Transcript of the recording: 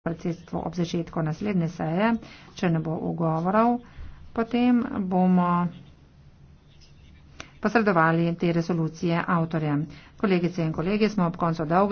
predsedstvo ob začetku naslednje seje, če ne bo ugovorov, potem bomo posredovali te resolucije avtorjem. Kolegice in kolegi, smo ob koncu dolga.